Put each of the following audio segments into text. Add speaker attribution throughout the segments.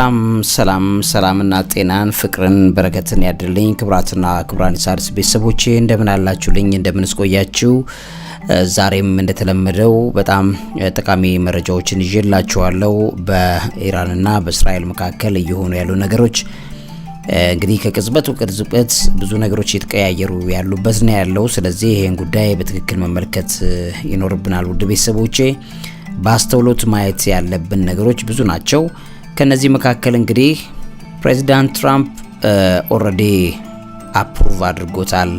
Speaker 1: ሰላም ሰላም ሰላምና ጤናን ፍቅርን በረከትን ያድልኝ ክብራትና ክብራን ሣድስ ቤተሰቦቼ እንደምን አላችሁልኝ? እንደምንስቆያችሁ ዛሬም እንደተለመደው በጣም ጠቃሚ መረጃዎችን ይዤላችኋለሁ። በኢራንና በእስራኤል መካከል እየሆኑ ያሉ ነገሮች እንግዲህ ከቅጽበት ቅጽበት ብዙ ነገሮች የተቀያየሩ ያሉበት ነው ያለው። ስለዚህ ይህን ጉዳይ በትክክል መመልከት ይኖርብናል። ውድ ቤተሰቦቼ በአስተውሎት ማየት ያለብን ነገሮች ብዙ ናቸው። ከነዚህ መካከል እንግዲህ ፕሬዚዳንት ትራምፕ ኦልሬዲ አፕሩቭ አድርጎታል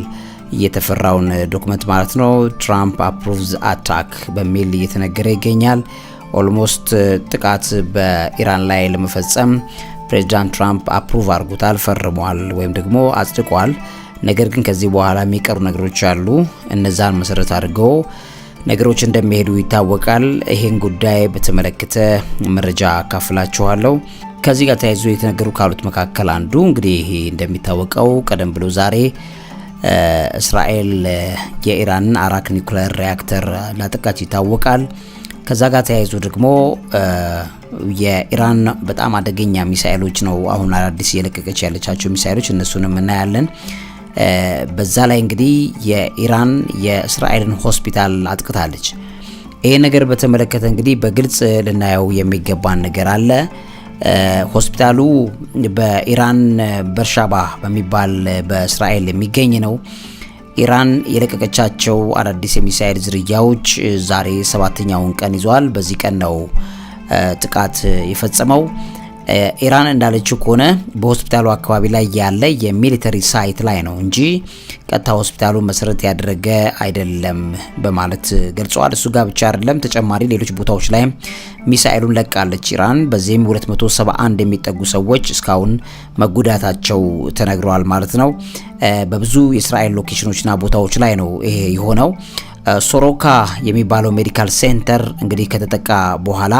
Speaker 1: የተፈራውን ዶክመንት ማለት ነው። ትራምፕ አፕሩቭዝ አታክ በሚል እየተነገረ ይገኛል። ኦልሞስት ጥቃት በኢራን ላይ ለመፈጸም ፕሬዚዳንት ትራምፕ አፕሩቭ አድርጎታል፣ ፈርሟል ወይም ደግሞ አጽድቋል። ነገር ግን ከዚህ በኋላ የሚቀሩ ነገሮች አሉ። እነዛን መሰረት አድርገው ነገሮች እንደሚሄዱ ይታወቃል። ይሄን ጉዳይ በተመለከተ መረጃ አካፍላችኋለሁ። ከዚህ ጋር ተያይዞ የተነገሩ ካሉት መካከል አንዱ እንግዲህ ይሄ እንደሚታወቀው ቀደም ብሎ ዛሬ እስራኤል የኢራንን አራክ ኒውክሌር ሪያክተር ላጠቃች ይታወቃል። ከዛ ጋር ተያይዞ ደግሞ የኢራን በጣም አደገኛ ሚሳኤሎች ነው አሁን አዳዲስ እየለቀቀች ያለቻቸው ሚሳኤሎች፣ እነሱንም እናያለን። በዛ ላይ እንግዲህ የኢራን የእስራኤልን ሆስፒታል አጥቅታለች። ይሄ ነገር በተመለከተ እንግዲህ በግልጽ ልናየው የሚገባን ነገር አለ። ሆስፒታሉ በኢራን በርሻባ በሚባል በእስራኤል የሚገኝ ነው። ኢራን የለቀቀቻቸው አዳዲስ የሚሳኤል ዝርያዎች ዛሬ ሰባተኛውን ቀን ይዟል። በዚህ ቀን ነው ጥቃት የፈጸመው። ኢራን እንዳለችው ከሆነ በሆስፒታሉ አካባቢ ላይ ያለ የሚሊተሪ ሳይት ላይ ነው እንጂ ቀጥታ ሆስፒታሉ መሰረት ያደረገ አይደለም በማለት ገልጸዋል። እሱ ጋር ብቻ አይደለም፣ ተጨማሪ ሌሎች ቦታዎች ላይ ሚሳኤሉን ለቃለች ኢራን። በዚህም 271 የሚጠጉ ሰዎች እስካሁን መጎዳታቸው ተነግረዋል ማለት ነው። በብዙ የእስራኤል ሎኬሽኖችና ቦታዎች ላይ ነው ይሄ የሆነው። ሶሮካ የሚባለው ሜዲካል ሴንተር እንግዲህ ከተጠቃ በኋላ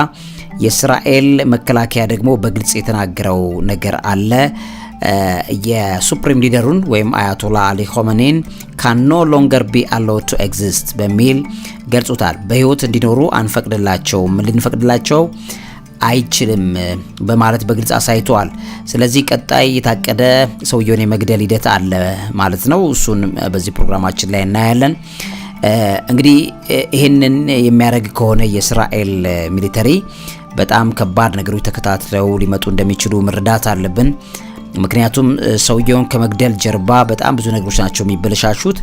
Speaker 1: የእስራኤል መከላከያ ደግሞ በግልጽ የተናገረው ነገር አለ። የሱፕሪም ሊደሩን ወይም አያቶላ አሊ ሆመኔን ካን ኖ ሎንገር ቢ አሎ ቱ ኤግዚስት በሚል ገልጾታል። በህይወት እንዲኖሩ አንፈቅድላቸውም፣ ልንፈቅድላቸው አይችልም በማለት በግልጽ አሳይተዋል። ስለዚህ ቀጣይ የታቀደ ሰውየውን የመግደል ሂደት አለ ማለት ነው። እሱን በዚህ ፕሮግራማችን ላይ እናያለን። እንግዲህ ይህንን የሚያደርግ ከሆነ የእስራኤል ሚሊተሪ በጣም ከባድ ነገሮች ተከታትለው ሊመጡ እንደሚችሉ መረዳት አለብን። ምክንያቱም ሰውየውን ከመግደል ጀርባ በጣም ብዙ ነገሮች ናቸው የሚበለሻሹት።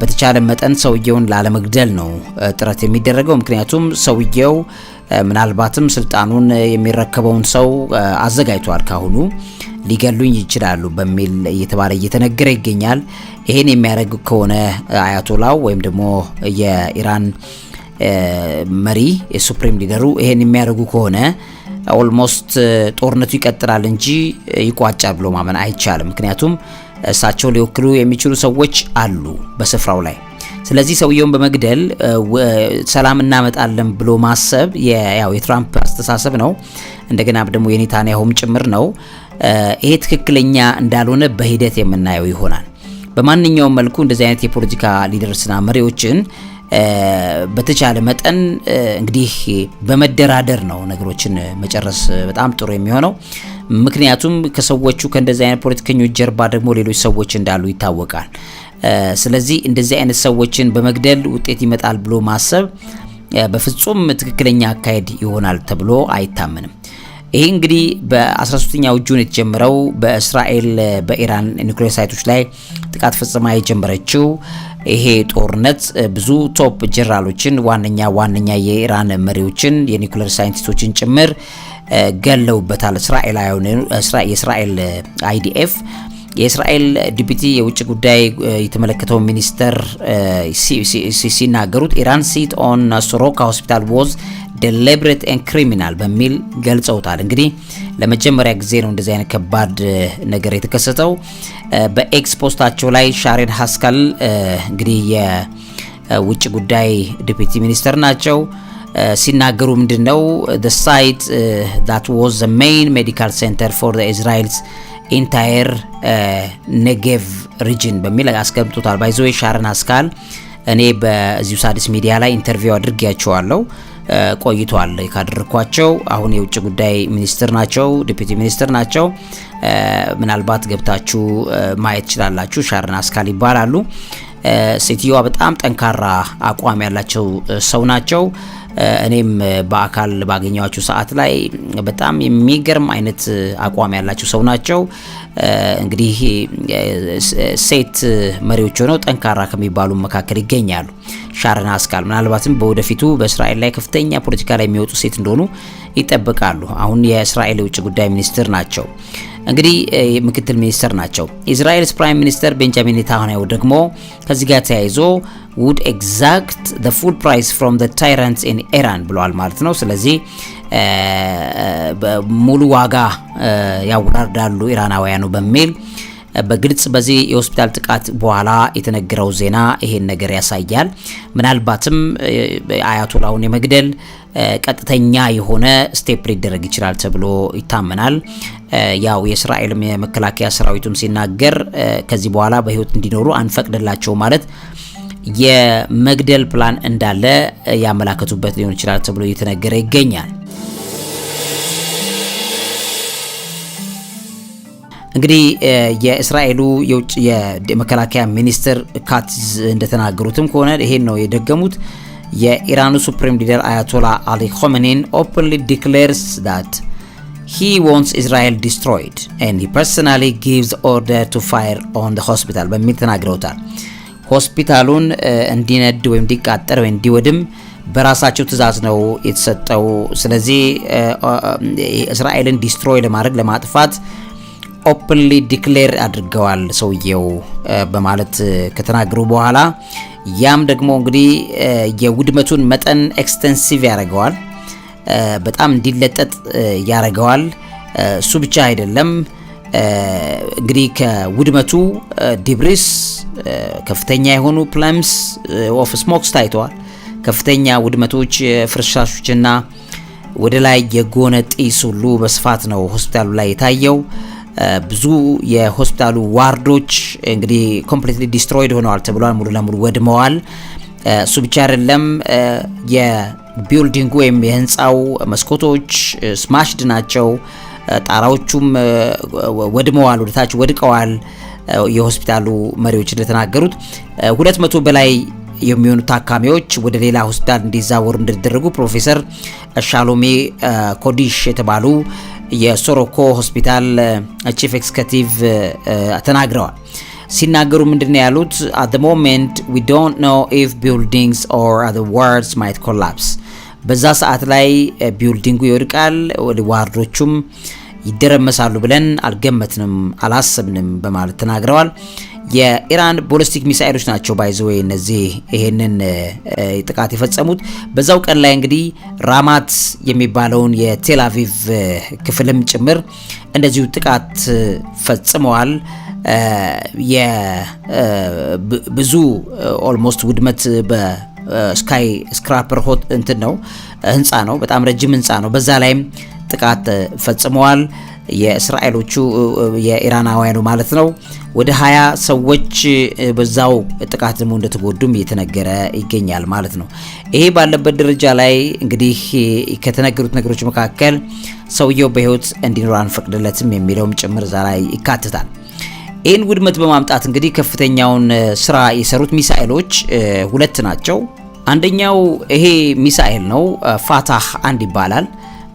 Speaker 1: በተቻለ መጠን ሰውየውን ላለመግደል ነው ጥረት የሚደረገው። ምክንያቱም ሰውየው ምናልባትም ስልጣኑን የሚረከበውን ሰው አዘጋጅቷል ካሁኑ ሊገሉኝ ይችላሉ በሚል እየተባለ እየተነገረ ይገኛል። ይህን የሚያደርግ ከሆነ አያቶላው ወይም ደግሞ የኢራን መሪ የሱፕሪም ሊደሩ ይሄን የሚያደርጉ ከሆነ ኦልሞስት ጦርነቱ ይቀጥላል እንጂ ይቋጫል ብሎ ማመን አይቻልም። ምክንያቱም እሳቸው ሊወክሉ የሚችሉ ሰዎች አሉ በስፍራው ላይ ስለዚህ ሰውየውን በመግደል ሰላም እናመጣለን ብሎ ማሰብ ያው የትራምፕ አስተሳሰብ ነው። እንደገና ደግሞ የኔታንያሁም ጭምር ነው። ይሄ ትክክለኛ እንዳልሆነ በሂደት የምናየው ይሆናል። በማንኛውም መልኩ እንደዚህ አይነት የፖለቲካ ሊደርስና መሪዎችን በተቻለ መጠን እንግዲህ በመደራደር ነው ነገሮችን መጨረስ በጣም ጥሩ የሚሆነው። ምክንያቱም ከሰዎቹ ከእንደዚህ አይነት ፖለቲከኞች ጀርባ ደግሞ ሌሎች ሰዎች እንዳሉ ይታወቃል። ስለዚህ እንደዚህ አይነት ሰዎችን በመግደል ውጤት ይመጣል ብሎ ማሰብ በፍጹም ትክክለኛ አካሄድ ይሆናል ተብሎ አይታመንም። ይህ እንግዲህ በ13ኛው ጁን የተጀመረው በእስራኤል በኢራን ኒውክሌር ሳይቶች ላይ ጥቃት ፈጽማ የጀመረችው ይሄ ጦርነት ብዙ ቶፕ ጀነራሎችን ዋነኛ ዋነኛ የኢራን መሪዎችን የኒውክሌር ሳይንቲስቶችን ጭምር ገለውበታል። የእስራኤል አይዲኤፍ የእስራኤል ዲፒቲ የውጭ ጉዳይ የተመለከተው ሚኒስተር ሲናገሩት ኢራን ሲት ኦን ሶሮካ ሆስፒታል ዎዝ ደሌብሬት ኤን ክሪሚናል በሚል ገልጸውታል። እንግዲህ ለመጀመሪያ ጊዜ ነው እንደዚህ አይነት ከባድ ነገር የተከሰተው። በኤክስ ፖስታቸው ላይ ሻሬን ሀስካል እንግዲህ የውጭ ጉዳይ ዲፒቲ ሚኒስተር ናቸው ሲናገሩ ምንድን ነው ሳይት ዛት ዋዝ ሜይን ሜዲካል ሴንተር ፎር ኢስራኤልስ ኢንታየር ኔጌቭ ሪጅን በሚል አስቀምጡታል። ባይዘዌ ሻርን አስካል እኔ በዚሁ ሳድስ ሚዲያ ላይ ኢንተርቪው አድርጌያቸዋለሁ ቆይቷል ካደረግኳቸው አሁን የውጭ ጉዳይ ሚኒስትር ናቸው፣ ዲፒቲ ሚኒስትር ናቸው። ምናልባት ገብታችሁ ማየት ትችላላችሁ። ሻርን አስካል ይባላሉ። ሴትዮዋ በጣም ጠንካራ አቋም ያላቸው ሰው ናቸው። እኔም በአካል ባገኘዋቸው ሰዓት ላይ በጣም የሚገርም አይነት አቋም ያላቸው ሰው ናቸው። እንግዲህ ሴት መሪዎች ሆነው ጠንካራ ከሚባሉ መካከል ይገኛሉ። ሻረን አስካል ምናልባትም በወደፊቱ በእስራኤል ላይ ከፍተኛ ፖለቲካ ላይ የሚወጡ ሴት እንደሆኑ ይጠበቃሉ። አሁን የእስራኤል የውጭ ጉዳይ ሚኒስትር ናቸው። እንግዲህ ምክትል ሚኒስተር ናቸው። የእስራኤልስ ፕራይም ሚኒስተር ቤንጃሚን ኔታንያሁ ደግሞ ከዚህ ጋር ተያይዞ ውድ ኤግዛክት ዘ ፉድ ፕራይስ ፍሮም ዘ ታይራንትስ ኢን ኢራን ብለዋል ማለት ነው። ስለዚህ ሙሉ ዋጋ ያወራርዳሉ ኢራናውያኑ በሚል በግልጽ በዚህ የሆስፒታል ጥቃት በኋላ የተነገረው ዜና ይሄን ነገር ያሳያል። ምናልባትም አያቶላውን የመግደል ቀጥተኛ የሆነ ስቴፕ ሊደረግ ይችላል ተብሎ ይታመናል። ያው የእስራኤል የመከላከያ ሰራዊቱም ሲናገር ከዚህ በኋላ በህይወት እንዲኖሩ አንፈቅድላቸው ማለት የመግደል ፕላን እንዳለ ያመላከቱበት ሊሆን ይችላል ተብሎ እየተነገረ ይገኛል። እንግዲህ የእስራኤሉ የውጭ የመከላከያ ሚኒስትር ካትዝ እንደተናገሩትም ከሆነ ይሄን ነው የደገሙት። የኢራኑ ሱፕሪም ሊደር አያቶላ አሊ ኮሜኒን ኦፕንሊ ዲክሌርስ ዳት ሂ ዋንትስ እስራኤል ዲስትሮይድ ኤንድ ሂ ፐርሰናሊ ጊቭስ ኦርደር ቱ ፋየር ኦን ዘ ሆስፒታል በሚል ተናግረውታል። ሆስፒታሉን እንዲነድ ወይም እንዲቃጠር ወይም እንዲወድም በራሳቸው ትእዛዝ ነው የተሰጠው። ስለዚህ እስራኤልን ዲስትሮይ ለማድረግ ለማጥፋት ኦፕንሊ ዲክሌር አድርገዋል ሰውየው በማለት ከተናገሩ በኋላ ያም ደግሞ እንግዲህ የውድመቱን መጠን ኤክስቴንሲቭ ያደርገዋል፣ በጣም እንዲለጠጥ ያደርገዋል። እሱ ብቻ አይደለም እንግዲህ ከውድመቱ ዲብሪስ ከፍተኛ የሆኑ ፕላምስ ኦፍ ስሞክስ ታይተዋል። ከፍተኛ ውድመቶች፣ ፍርሻሾችና ወደ ላይ የጎነ ጢስ ሁሉ በስፋት ነው ሆስፒታሉ ላይ የታየው። ብዙ የሆስፒታሉ ዋርዶች እንግዲህ ኮምፕሊትሊ ዲስትሮይድ ሆነዋል ተብሏል። ሙሉ ለሙሉ ወድመዋል። እሱ ብቻ አይደለም። የቢልዲንጉ ወይም የህንፃው መስኮቶች ስማሽድ ናቸው። ጣራዎቹም ወድመዋል፣ ወደታች ወድቀዋል። የሆስፒታሉ መሪዎች እንደተናገሩት ሁለት መቶ በላይ የሚሆኑ ታካሚዎች ወደ ሌላ ሆስፒታል እንዲዛወሩ እንደተደረጉ ፕሮፌሰር ሻሎሜ ኮዲሽ የተባሉ የሶሮኮ ሆስፒታል ቺፍ eh, ኤክስኪዩቲቭ eh, eh, ተናግረዋል። ሲናገሩ ምንድነው ያሉት? አት ዘ ዊ ዶንት ኖ ኢፍ ቢልዲንግስ ኦር አዘር ዋርድስ ማይት ኮላፕስ። በዛ ሰዓት ላይ ቢልዲንጉ ይወድቃል፣ ዋርዶቹም ይደረመሳሉ ብለን አልገመትንም፣ አላሰብንም በማለት ተናግረዋል። የኢራን ቦለስቲክ ሚሳኤሎች ናቸው ባይዘዌ እነዚህ ይሄንን ጥቃት የፈጸሙት። በዛው ቀን ላይ እንግዲህ ራማት የሚባለውን የቴል አቪቭ ክፍልም ጭምር እንደዚሁ ጥቃት ፈጽመዋል። የብዙ ኦልሞስት ውድመት በስካይ ስክራፐር ሆት እንትን ነው ህንፃ ነው፣ በጣም ረጅም ህንፃ ነው። በዛ ላይም ጥቃት ፈጽመዋል። የእስራኤሎቹ የኢራናውያኑ ማለት ነው። ወደ ሀያ ሰዎች በዛው ጥቃት ደግሞ እንደተጎዱም እየተነገረ ይገኛል ማለት ነው። ይሄ ባለበት ደረጃ ላይ እንግዲህ ከተነገሩት ነገሮች መካከል ሰውየው በሕይወት እንዲኖር አንፈቅድለትም የሚለውም ጭምር እዛ ላይ ይካትታል። ይህን ውድመት በማምጣት እንግዲህ ከፍተኛውን ስራ የሰሩት ሚሳኤሎች ሁለት ናቸው። አንደኛው ይሄ ሚሳኤል ነው። ፋታህ አንድ ይባላል።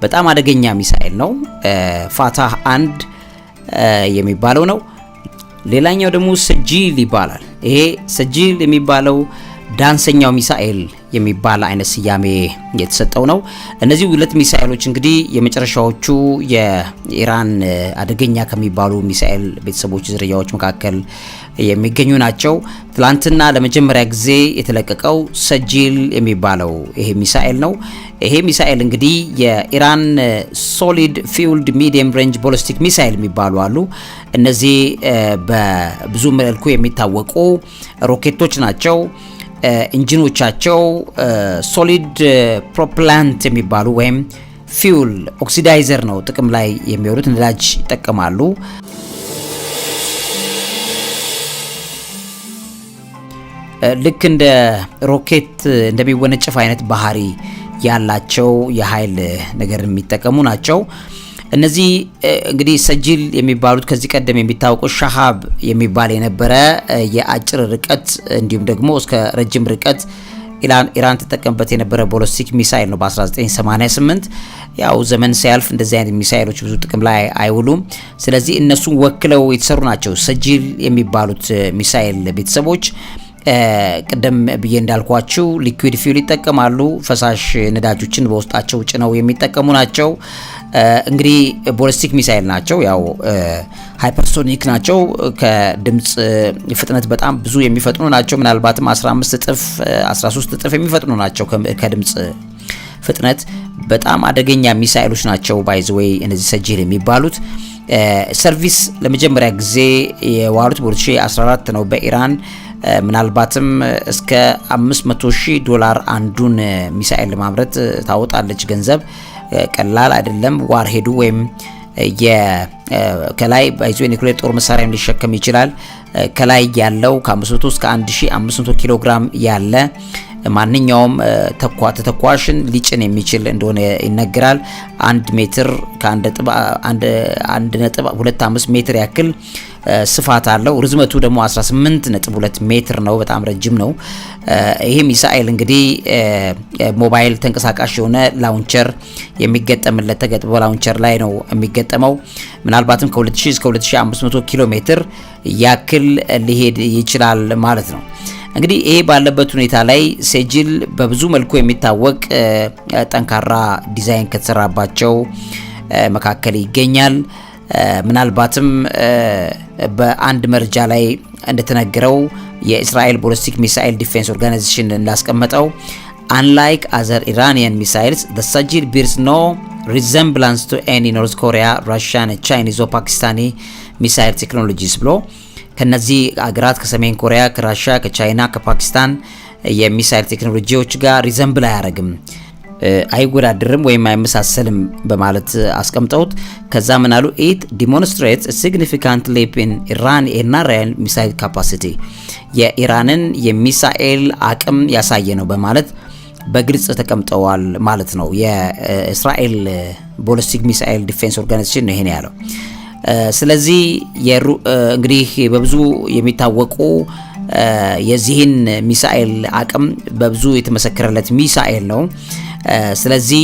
Speaker 1: በጣም አደገኛ ሚሳኤል ነው። ፋታህ አንድ የሚባለው ነው። ሌላኛው ደግሞ ሰጂል ይባላል። ይሄ ሰጂል የሚባለው ዳንሰኛው ሚሳኤል የሚባል አይነት ስያሜ የተሰጠው ነው። እነዚህ ሁለት ሚሳኤሎች እንግዲህ የመጨረሻዎቹ የኢራን አደገኛ ከሚባሉ ሚሳኤል ቤተሰቦች ዝርያዎች መካከል የሚገኙ ናቸው። ትላንትና ለመጀመሪያ ጊዜ የተለቀቀው ሰጂል የሚባለው ይሄ ሚሳኤል ነው። ይሄ ሚሳኤል እንግዲህ የኢራን ሶሊድ ፊውልድ ሚዲየም ሬንጅ ቦሊስቲክ ሚሳኤል የሚባሉ አሉ። እነዚህ በብዙ መልኩ የሚታወቁ ሮኬቶች ናቸው። ኢንጂኖቻቸው ሶሊድ ፕሮፕላንት የሚባሉ ወይም ፊውል ኦክሲዳይዘር ነው ጥቅም ላይ የሚውሉት ነዳጅ ይጠቀማሉ። ልክ እንደ ሮኬት እንደሚወነጨፍ አይነት ባህሪ ያላቸው የኃይል ነገር የሚጠቀሙ ናቸው። እነዚህ እንግዲህ ሰጂል የሚባሉት ከዚህ ቀደም የሚታወቁ ሻሃብ የሚባል የነበረ የአጭር ርቀት እንዲሁም ደግሞ እስከ ረጅም ርቀት ኢራን ተጠቀምበት የነበረ ቦሎስቲክ ሚሳይል ነው። በ1988 ያው ዘመን ሲያልፍ እንደዚህ አይነት ሚሳይሎች ብዙ ጥቅም ላይ አይውሉም። ስለዚህ እነሱን ወክለው የተሰሩ ናቸው ሰጂል የሚባሉት ሚሳይል ቤተሰቦች ቅደም ብዬ እንዳልኳችሁ ሊኩዊድ ፊውል ይጠቀማሉ። ፈሳሽ ነዳጆችን በውስጣቸው ጭነው የሚጠቀሙ ናቸው። እንግዲህ ቦለስቲክ ሚሳይል ናቸው። ያው ሃይፐርሶኒክ ናቸው። ከድምፅ ፍጥነት በጣም ብዙ የሚፈጥኑ ናቸው። ምናልባትም 15 እጥፍ 13 እጥፍ የሚፈጥኑ ናቸው ከድምፅ ፍጥነት። በጣም አደገኛ ሚሳይሎች ናቸው። ባይዘወይ እነዚህ ሰጂል የሚባሉት ሰርቪስ ለመጀመሪያ ጊዜ የዋሉት በ2014 ነው በኢራን ምናልባትም እስከ 500 ሺህ ዶላር አንዱን ሚሳኤል ለማምረት ታወጣለች ገንዘብ። ቀላል አይደለም። ዋርሄዱ ወይም ከላይ ባይዞ የኒኩሌር ጦር መሳሪያም ሊሸከም ይችላል። ከላይ ያለው ከ500 እስከ 1500 ኪሎ ግራም ያለ ማንኛውም ተኳ ተተኳሽን ሊጭን የሚችል እንደሆነ ይነገራል። 1 ሜትር ከ1.25 ሜትር ያክል ስፋት አለው። ርዝመቱ ደግሞ 18.2 ሜትር ነው። በጣም ረጅም ነው። ይሄ ሚሳኤል እንግዲህ ሞባይል ተንቀሳቃሽ የሆነ ላውንቸር የሚገጠምለት ተገጥሞ ላውንቸር ላይ ነው የሚገጠመው። ምናልባትም ከ2000 እስከ 2500 ኪሎ ሜትር ያክል ሊሄድ ይችላል ማለት ነው። እንግዲህ ይሄ ባለበት ሁኔታ ላይ ሴጅል በብዙ መልኩ የሚታወቅ ጠንካራ ዲዛይን ከተሰራባቸው መካከል ይገኛል። ምናልባትም በአንድ መረጃ ላይ እንደተነገረው የእስራኤል ቦሊስቲክ ሚሳኤል ዲፌንስ ኦርጋናይዜሽን እንዳስቀመጠው አንላይክ አዘር ኢራኒያን ሚሳይልስ ዘ ሳጂድ ቢርስ ኖ ሪዘምብላንስ ቱ ኤኒ ኖርዝ ኮሪያ ራሽያን ቻይኒዝ ኦ ፓኪስታኒ ሚሳይል ቴክኖሎጂስ ብሎ ከነዚህ አገራት ከሰሜን ኮሪያ ከራሽያ፣ ከቻይና ከፓኪስታን የሚሳይል ቴክኖሎጂዎች ጋር ሪዘምብል አያደርግም። አይወዳድርም ወይም አይመሳሰልም በማለት አስቀምጠውት ከዛ ምናሉ ኢት ዲሞንስትሬትስ ሲግኒፊካንት ሊፕ ኢራን ናራያን ሚሳይል ካፓሲቲ የኢራንን የሚሳኤል አቅም ያሳየ ነው በማለት በግልጽ ተቀምጠዋል ማለት ነው። የእስራኤል ቦሊስቲክ ሚሳኤል ዲፌንስ ኦርጋናይዜሽን ነው ይሄን ያለው። ስለዚህ እንግዲህ በብዙ የሚታወቁ የዚህን ሚሳኤል አቅም በብዙ የተመሰከረለት ሚሳኤል ነው። ስለዚህ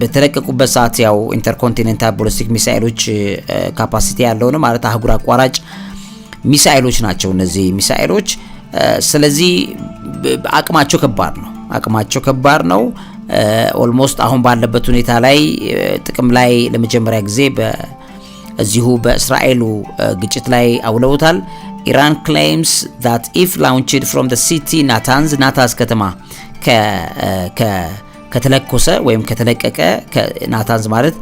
Speaker 1: በተለቀቁበት ሰዓት ያው ኢንተርኮንቲኔንታል ቦሊስቲክ ሚሳኤሎች ካፓሲቲ ያለው ነው ማለት አህጉር አቋራጭ ሚሳኤሎች ናቸው እነዚህ ሚሳኤሎች። ስለዚህ አቅማቸው ከባድ ነው፣ አቅማቸው ከባድ ነው። ኦልሞስት አሁን ባለበት ሁኔታ ላይ ጥቅም ላይ ለመጀመሪያ ጊዜ እዚሁ በእስራኤሉ ግጭት ላይ አውለውታል። ኢራን ክሌምስ ዛት ኢፍ ላውንችድ ፍሮም ሲቲ ናታንዝ ናታዝ ከተማ ከተለኮሰ ወይም ከተለቀቀ ናታንዝ ማለት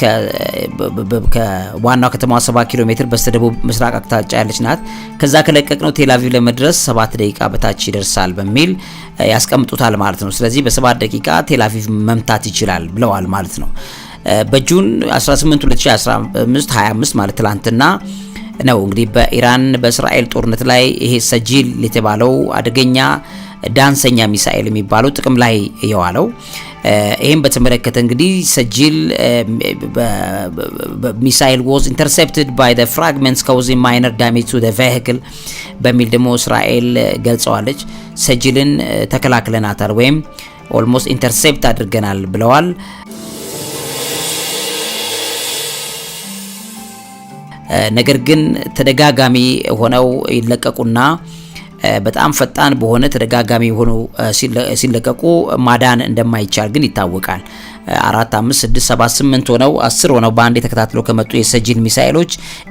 Speaker 1: ከዋናው ከተማዋ 7 ኪሎ ሜትር በስተደቡብ ምስራቅ አቅጣጫ ያለች ናት። ከዛ ከለቀቅ ነው ቴላቪቭ ለመድረስ 7 ደቂቃ በታች ይደርሳል በሚል ያስቀምጡታል ማለት ነው። ስለዚህ በ7 ደቂቃ ቴላቪቭ መምታት ይችላል ብለዋል ማለት ነው። በጁን 18 2015 25 ማለት ትላንትና ነው እንግዲህ በኢራን በእስራኤል ጦርነት ላይ ይሄ ሰጂል የተባለው አደገኛ ዳንሰኛ ሚሳኤል የሚባለው ጥቅም ላይ የዋለው። ይህም በተመለከተ እንግዲህ ሰጂል ሚሳኤል ዋዝ ኢንተርሴፕትድ ባይ ዘ ፍራግመንትስ ካውዚንግ ማይነር ዳሜጅ ቱ ዘ ቬሂክል በሚል ደግሞ እስራኤል ገልጸዋለች። ሰጂልን ተከላክለናታል ወይም ኦልሞስት ኢንተርሴፕት አድርገናል ብለዋል። ነገር ግን ተደጋጋሚ ሆነው ይለቀቁና በጣም ፈጣን በሆነ ተደጋጋሚ ሆኖ ሲለቀቁ ማዳን እንደማይቻል ግን ይታወቃል። አራት አምስት ስድስት ሰባት ስምንት ሆነው አስር ሆነው በአንድ የተከታትለው ከመጡ የሰጂን ሚሳኤሎች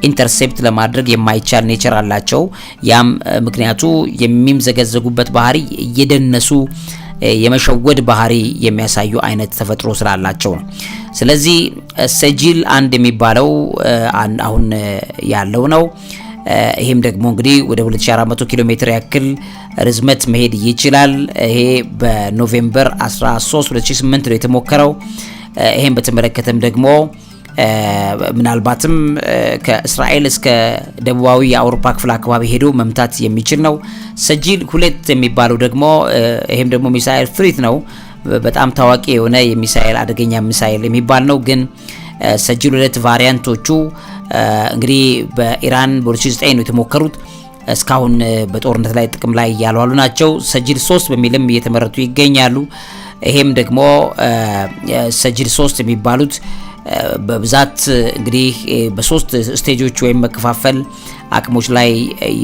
Speaker 1: ኢንተርሴፕት ለማድረግ የማይቻል ኔቸር አላቸው። ያም ምክንያቱ የሚምዘገዘጉበት ባህሪ እየደነሱ የመሸወድ ባህሪ የሚያሳዩ አይነት ተፈጥሮ ስላላቸው ነው። ስለዚህ ሰጂል አንድ የሚባለው አሁን ያለው ነው። ይህም ደግሞ እንግዲህ ወደ 2400 ኪሎ ሜትር ያክል ርዝመት መሄድ ይችላል። ይሄ በኖቬምበር 13 2008 ነው የተሞከረው። ይሄን በተመለከተም ደግሞ ምናልባትም ከእስራኤል እስከ ደቡባዊ የአውሮፓ ክፍል አካባቢ ሄዶ መምታት የሚችል ነው። ሰጂል ሁለት የሚባለው ደግሞ ይሄም ደግሞ ሚሳኤል ፍሪት ነው። በጣም ታዋቂ የሆነ የሚሳኤል አደገኛ ሚሳኤል የሚባል ነው ግን ሰጅል ሁለት ቫሪያንቶቹ እንግዲህ በኢራን በ2009 ነው የተሞከሩት። እስካሁን በጦርነት ላይ ጥቅም ላይ ያልዋሉ ናቸው። ሰጂል 3 በሚልም እየተመረቱ ይገኛሉ። ይሄም ደግሞ ሰጂል 3 የሚባሉት በብዛት እንግዲህ በሶስት ስቴጆች ወይም መከፋፈል አቅሞች ላይ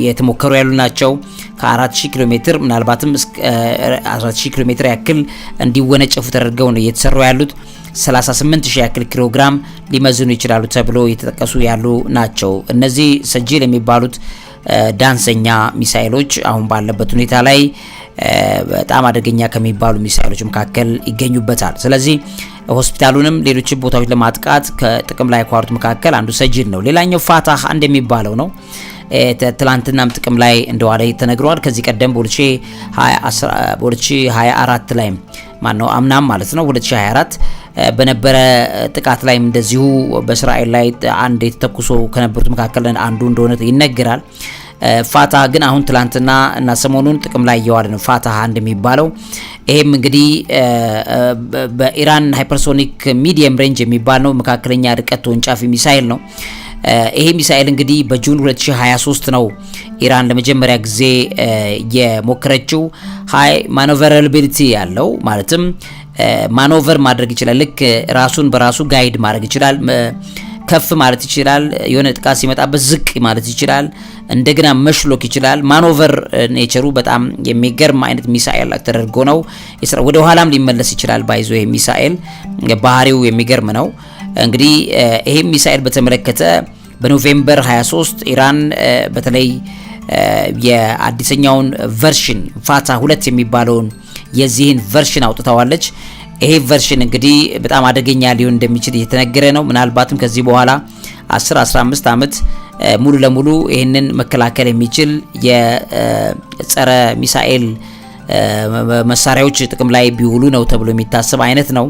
Speaker 1: የተሞከሩ ያሉ ናቸው። ከ4000 ኪሎ ሜትር ምናልባትም 1000 ኪሎ ሜትር ያክል እንዲወነጨፉ ተደርገው ነው እየተሰሩ ያሉት። 38000 ሺህ ያክል ሊመዝኑ ይችላሉ ተብሎ የተጠቀሱ ያሉ ናቸው። እነዚህ ሰጂል የሚባሉት ዳንሰኛ ሚሳኤሎች አሁን ባለበት ሁኔታ ላይ በጣም አደገኛ ከሚባሉ ሚሳኤሎች መካከል ይገኙበታል። ስለዚህ ሆስፒታሉንም ሌሎች ቦታዎች ለማጥቃት ከጥቅም ላይ ካዋሉት መካከል አንዱ ሰጂል ነው። ሌላኛው ፋታህ አንድ የሚባለው ነው። ትላንትናም ጥቅም ላይ እንደዋለ ተነግሯል። ከዚህ ቀደም በ 24 ላይ ማነው አምናም ማለት ነው 2024 በነበረ ጥቃት ላይም እንደዚሁ በእስራኤል ላይ አንድ የተተኩሶ ከነበሩት መካከል አንዱ እንደሆነ ይነገራል። ፋታ ግን አሁን ትላንትና እና ሰሞኑን ጥቅም ላይ እየዋለ ነው ፋታ አንድ የሚባለው ይሄም እንግዲህ በኢራን ሃይፐርሶኒክ ሚዲየም ሬንጅ የሚባል ነው፣ መካከለኛ ርቀት ተወንጫፊ ሚሳይል ነው። ይሄ ሚሳኤል እንግዲህ በጁን 2023 ነው ኢራን ለመጀመሪያ ጊዜ የሞከረችው። ሃይ ማኖቨራብሊቲ ያለው ማለትም ማኖቨር ማድረግ ይችላል። ልክ ራሱን በራሱ ጋይድ ማድረግ ይችላል። ከፍ ማለት ይችላል። የሆነ ጥቃት ሲመጣበት ዝቅ ማለት ይችላል። እንደገና መሽሎክ ይችላል። ማኖቨር ኔቸሩ በጣም የሚገርም አይነት ሚሳኤል ተደርጎ ነው ወደ ኋላም ሊመለስ ይችላል። ባይዞ ሚሳኤል ባህሪው የሚገርም ነው። እንግዲህ ይሄም ሚሳኤል በተመለከተ በኖቬምበር 23 ኢራን በተለይ የአዲሰኛውን ቨርሽን ፋታ ሁለት የሚባለውን የዚህን ቨርሽን አውጥታዋለች። ይሄ ቨርሽን እንግዲህ በጣም አደገኛ ሊሆን እንደሚችል እየተነገረ ነው። ምናልባትም ከዚህ በኋላ 10 15 ዓመት ሙሉ ለሙሉ ይህንን መከላከል የሚችል የጸረ ሚሳኤል መሳሪያዎች ጥቅም ላይ ቢውሉ ነው ተብሎ የሚታሰብ አይነት ነው።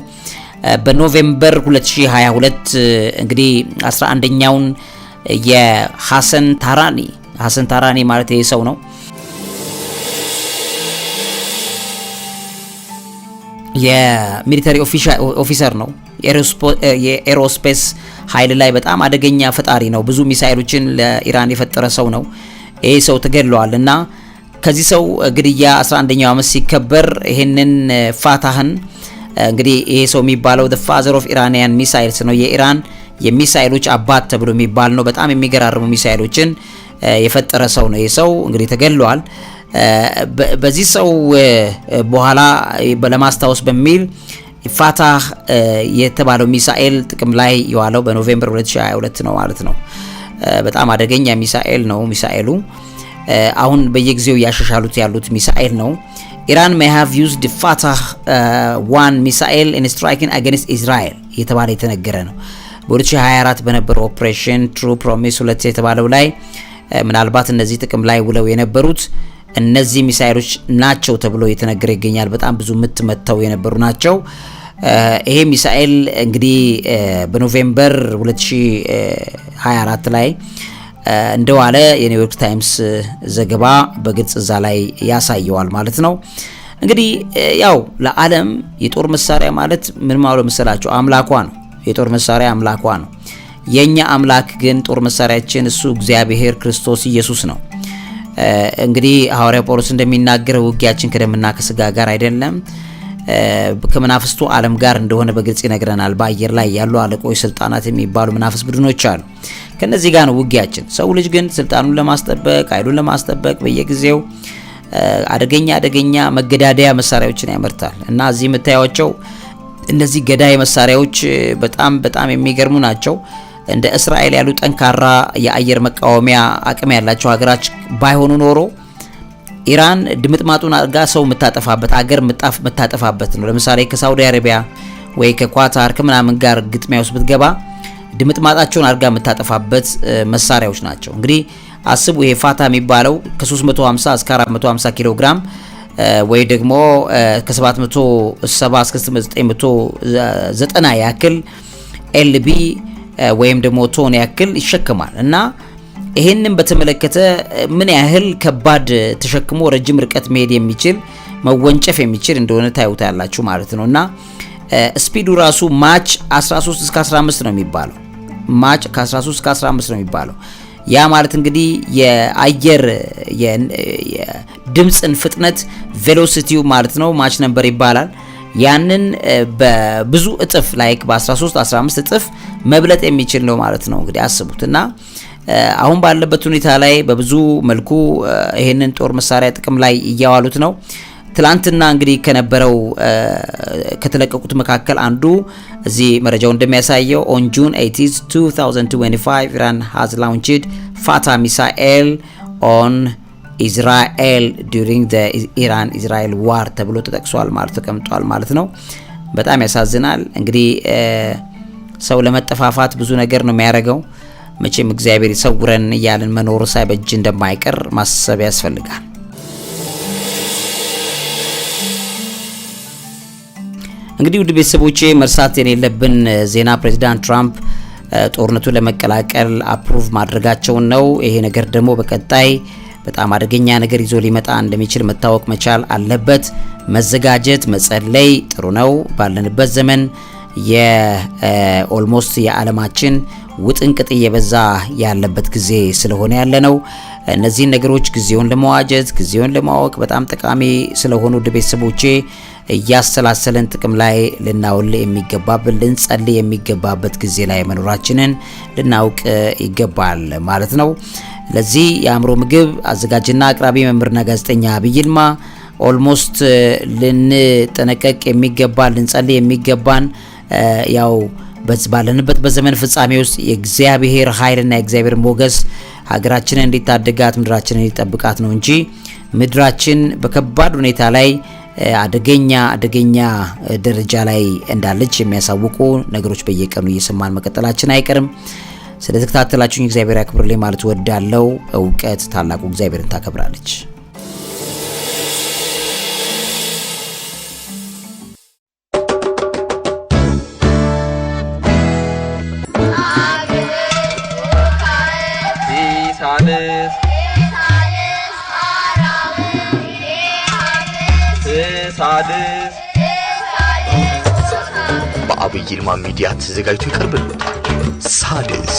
Speaker 1: በኖቬምበር 2022 እንግዲህ 11ኛውን የሐሰን ታራኒ ሐሰን ታራኒ ማለት ይሄ ሰው ነው። የሚሊተሪ ኦፊሰር ነው። የኤሮስፔስ ኃይል ላይ በጣም አደገኛ ፈጣሪ ነው። ብዙ ሚሳይሎችን ለኢራን የፈጠረ ሰው ነው። ይሄ ሰው ተገድለዋል እና ከዚህ ሰው ግድያ 11ኛው ዓመት ሲከበር ይህንን ፋታህን እንግዲህ ይሄ ሰው የሚባለው ፋዘር ኦፍ ኢራንያን ሚሳይልስ ነው የኢራን የሚሳኤሎች አባት ተብሎ የሚባል ነው። በጣም የሚገራርሙ ሚሳኤሎችን የፈጠረ ሰው ነው። ይህ ሰው እንግዲህ ተገሏል። በዚህ ሰው በኋላ ለማስታወስ በሚል ፋታህ የተባለው ሚሳኤል ጥቅም ላይ የዋለው በኖቬምበር 2022 ነው ማለት ነው። በጣም አደገኛ ሚሳኤል ነው። ሚሳኤሉ አሁን በየጊዜው እያሻሻሉት ያሉት ሚሳኤል ነው። ኢራን may ሃቭ ዩዝድ the Fatah uh, one missile in striking against የተባለ የተነገረ ነው። በ2024 በነበረው ኦፕሬሽን ትሩ ፕሮሚስ 2 የተባለው ላይ ምናልባት እነዚህ ጥቅም ላይ ውለው የነበሩት እነዚህ ሚሳይሎች ናቸው ተብሎ እየተነገረ ይገኛል። በጣም ብዙ ምት መጥተው የነበሩ ናቸው። ይሄ ሚሳኤል እንግዲህ በኖቬምበር 2024 ላይ እንደዋለ የኒውዮርክ ታይምስ ዘገባ በግልጽ እዛ ላይ ያሳየዋል ማለት ነው። እንግዲህ ያው ለዓለም የጦር መሳሪያ ማለት ምን ማለት መሰላቸው? አምላኳ ነው። የጦር መሳሪያ አምላኳ ነው። የኛ አምላክ ግን ጦር መሳሪያችን እሱ እግዚአብሔር ክርስቶስ ኢየሱስ ነው። እንግዲህ ሐዋርያ ጳውሎስ እንደሚናገረው ውጊያችን ከደምና ከስጋ ጋር አይደለም ከመናፍስቱ ዓለም ጋር እንደሆነ በግልጽ ይነግረናል። በአየር ላይ ያሉ አለቆች፣ ስልጣናት የሚባሉ መናፍስ ቡድኖች አሉ። ከነዚህ ጋር ነው ውጊያችን። ሰው ልጅ ግን ስልጣኑን ለማስጠበቅ፣ ኃይሉን ለማስጠበቅ በየጊዜው አደገኛ አደገኛ መገዳደያ መሳሪያዎችን ያመርታል እና እዚህ የምታያቸው እነዚህ ገዳይ መሳሪያዎች በጣም በጣም የሚገርሙ ናቸው። እንደ እስራኤል ያሉ ጠንካራ የአየር መቃወሚያ አቅም ያላቸው ሀገራች ባይሆኑ ኖሮ ኢራን ድምጥማጡን አድርጋ ሰው የምታጠፋበት አገር የምታጠፋበት ነው። ለምሳሌ ከሳውዲ አረቢያ ወይ ከኳታር ከምናምን ጋር ግጥሚያ ውስጥ ብትገባ ድምጥማጣቸውን አድርጋ የምታጠፋበት መሳሪያዎች ናቸው። እንግዲህ አስቡ ይሄ ፋታ የሚባለው ከ350 እስከ 450 ኪሎ ግራም ወይ ደግሞ ከ770 እስከ 990 ያክል ኤልቢ ወይም ደግሞ ቶን ያክል ይሸክማል እና ይህንን በተመለከተ ምን ያህል ከባድ ተሸክሞ ረጅም ርቀት መሄድ የሚችል መወንጨፍ የሚችል እንደሆነ ታዩታላችሁ ማለት ነው እና ስፒዱ ራሱ ማች 13 እስከ 15 ነው የሚባለው ማች ከ13 እስከ 15 ነው የሚባለው ያ ማለት እንግዲህ የአየር የድምፅን ፍጥነት ቬሎሲቲው ማለት ነው ማች ነበር ይባላል። ያንን በብዙ እጥፍ ላይክ በ13 15 እጥፍ መብለጥ የሚችል ነው ማለት ነው እንግዲህ አስቡት እና አሁን ባለበት ሁኔታ ላይ በብዙ መልኩ ይህንን ጦር መሳሪያ ጥቅም ላይ እያዋሉት ነው። ትላንትና እንግዲህ ከነበረው ከተለቀቁት መካከል አንዱ እዚህ መረጃው እንደሚያሳየው ኦን ጁን 8 2025 ኢራን ሃዝ ላውንችድ ፋታ ሚሳኤል ኦን ኢዝራኤል ዱሪንግ ኢራን ኢዝራኤል ዋር ተብሎ ተጠቅሷል ማለት ተቀምጧል ማለት ነው። በጣም ያሳዝናል። እንግዲህ ሰው ለመጠፋፋት ብዙ ነገር ነው የሚያደርገው። መቼም እግዚአብሔር ይሰውረን እያልን መኖሩ ሳይበጅ እንደማይቀር ማሰብ ያስፈልጋል። እንግዲህ ውድ ቤተሰቦቼ መርሳት የሌለብን ዜና ፕሬዚዳንት ትራምፕ ጦርነቱን ለመቀላቀል አፕሩቭ ማድረጋቸውን ነው። ይሄ ነገር ደግሞ በቀጣይ በጣም አደገኛ ነገር ይዞ ሊመጣ እንደሚችል መታወቅ መቻል አለበት። መዘጋጀት፣ መጸለይ ጥሩ ነው። ባለንበት ዘመን የኦልሞስት የዓለማችን ውጥንቅጥ እየበዛ ያለበት ጊዜ ስለሆነ ያለ ነው። እነዚህን ነገሮች ጊዜውን ለመዋጀት ጊዜውን ለማወቅ በጣም ጠቃሚ ስለሆኑ ውድ ቤተሰቦቼ እያሰላሰለን ጥቅም ላይ ልናውል የሚገባበት ልንጸልይ የሚገባበት ጊዜ ላይ መኖራችንን ልናውቅ ይገባል ማለት ነው። ለዚህ የአእምሮ ምግብ አዘጋጅና አቅራቢ መምህርና ጋዜጠኛ ዐቢይ ይልማ ኦልሞስት ልንጠነቀቅ የሚገባን ልንጸልይ የሚገባን ያው ባለንበት በዘመን ፍጻሜ ውስጥ የእግዚአብሔር ኃይልና የእግዚአብሔር ሞገስ ሀገራችንን እንዲታደጋት ምድራችንን እንዲጠብቃት ነው እንጂ ምድራችን በከባድ ሁኔታ ላይ አደገኛ አደገኛ ደረጃ ላይ እንዳለች የሚያሳውቁ ነገሮች በየቀኑ እየሰማን መቀጠላችን አይቀርም። ስለተከታተላችሁኝ እግዚአብሔር ያክብርልኝ ማለት ወዳለው እውቀት ታላቁ እግዚአብሔርን ታከብራለች። ለሚዲያ ተዘጋጅቶ ይቀርብልዎታል። ሣድስ